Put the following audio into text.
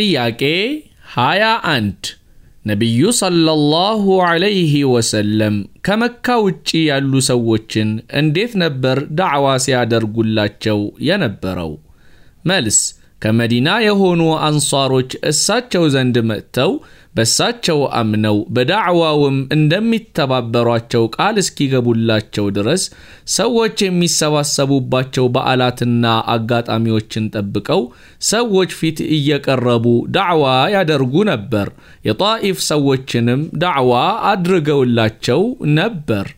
ጥያቄ 21 ነቢዩ ሰለላሁ ዐለይሂ ወሰለም ከመካ ውጪ ያሉ ሰዎችን እንዴት ነበር ዳዕዋ ሲያደርጉላቸው የነበረው? መልስ ከመዲና የሆኑ አንሷሮች እሳቸው ዘንድ መጥተው በሳቸው አምነው በዳዕዋውም እንደሚተባበሯቸው ቃል እስኪገቡላቸው ድረስ ሰዎች የሚሰባሰቡባቸው በዓላትና አጋጣሚዎችን ጠብቀው ሰዎች ፊት እየቀረቡ ዳዕዋ ያደርጉ ነበር። የጣኢፍ ሰዎችንም ዳዕዋ አድርገውላቸው ነበር።